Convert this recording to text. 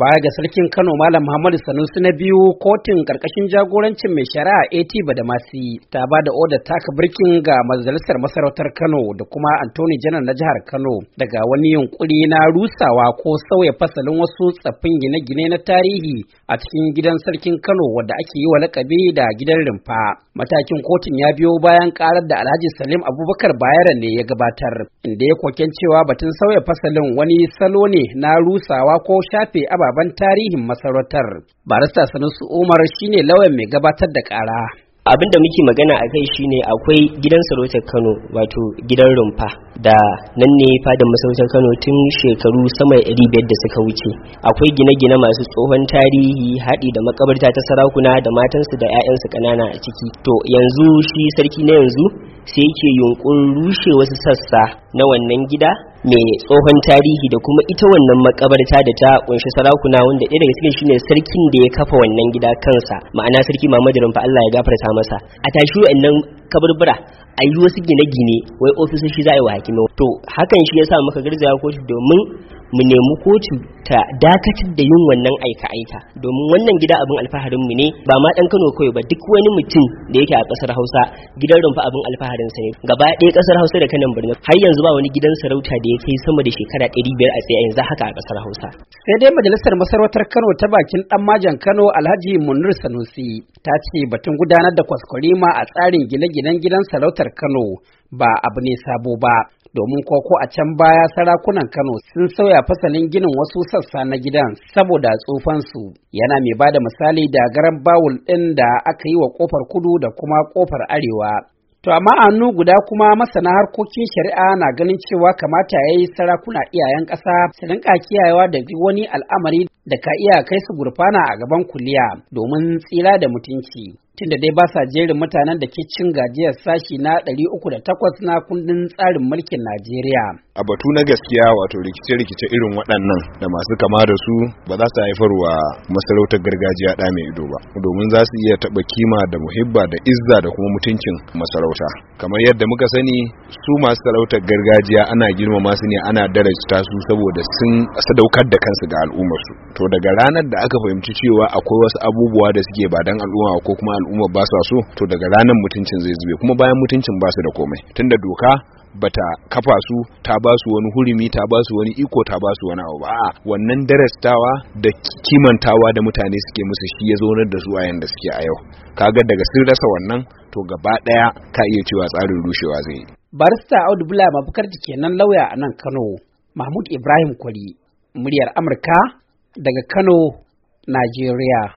baya ga sarkin Kano Malam Muhammadu Sanusi na biyu kotun karkashin jagorancin mai shari'a AT Badamasi ta ba da odar taka birkin ga majalisar masarautar Kano da kuma Antony Janar na jihar Kano daga wani yunkuri na rusawa ko sauya fasalin wasu tsaffin gine-gine na tarihi a cikin gidan sarkin Kano wadda ake yi wa lakabi da gidan rumfa. Matakin kotun ya biyo bayan karar da Alhaji Salim Abubakar Bayero ne ya gabatar inda ya koken cewa batun sauya fasalin wani salo ne na rusawa ko shafe aba ababen tarihin masarautar. Barista Sanusi Umar shine lauyan mai gabatar da ƙara. Abin da muke magana a kai shine akwai gidan sarautar Kano wato gidan rumfa da nan ne fadin masarautar Kano tun shekaru sama da biyar da suka wuce. Akwai gine-gine masu tsohon tarihi haɗi da makabarta ta sarakuna da matansu da 'ya'yansu ƙanana a ciki. To yanzu shi sarki na yanzu sai yake yunƙurin rushe wasu sassa na wannan gida mai tsohon tarihi da kuma ita wannan makabarta da ta kunshi sarakuna wanda ɗaya daga cikin shine sarkin da ya kafa wannan gida kansa ma'ana sarki Muhammadu fa Allah ya gafarta masa a tashi wannan kaburbura a yi wasu gine-gine wai ofisoshi za a yi wa hakimi to hakan shi ya sa muka garzaya kotu domin mu nemi kotu ta dakatar da yin wannan aika-aika domin wannan gida abin alfaharinmu ne ba ma ɗan Kano kawai ba duk wani mutum da yake a ƙasar Hausa gidan rumfa abin alfaharin sa ne gaba ɗaya ƙasar Hausa da kanan birni har yanzu ba wani gidan sarauta da ya kai sama da shekara ɗari biyar a tsaye yanzu haka a ƙasar Hausa. Sai dai majalisar masarautar Kano ta bakin ɗan majan Kano Alhaji Munir Sanusi ta ce batun gudanar da kwaskwarima a tsarin gine-ginen gidan sarautar Kano ba abu ne sabo ba domin koko a can baya sarakunan Kano sun sauya fasalin ginin wasu sassa na gidan saboda tsufansu yana mai bada misali da garan bawul ɗin da aka yi wa ƙofar kudu da kuma ƙofar arewa. To amma hannu guda kuma masana harkokin shari'a na ganin cewa kamata ya yi sarakuna iyayen ƙasa su rinka kiyayewa da wani al'amari da ka iya kai su gurfana a gaban kuliya domin tsira da mutunci. tunda dai ba sa jerin mutanen da ke cin gajiyar sashi na 308 na kundin tsarin mulkin Najeriya. A batu na gaskiya wato rikice-rikice irin waɗannan da masu kama da su ba za su haifarwa masarautar gargajiya ɗa mai ido ba, domin za su iya taɓa kima da muhibba da izza da kuma mutuncin masarauta. Kamar yadda muka sani su masu sarautar gargajiya ana girmama su ne ana darajta su saboda sun sadaukar da kansu ga al'ummarsu. To daga ranar da aka fahimci cewa akwai wasu abubuwa da suke ba dan al'umma ko kuma al'umma ba sa so to daga ranar mutuncin zai zube kuma bayan mutuncin ba su da komai tunda doka bata kafa su ta ba su wani hurumi ta ba su wani iko ta ba su wani abu ba wannan darastawa da kimantawa da mutane suke musu shi ya zaunar da su a yanda suke a yau kaga daga sun rasa wannan to gaba daya ka iya cewa tsarin rushewa zai barista audu bula mafukar da kenan lauya a nan kano mahmud ibrahim kwari muryar amurka daga kano najeriya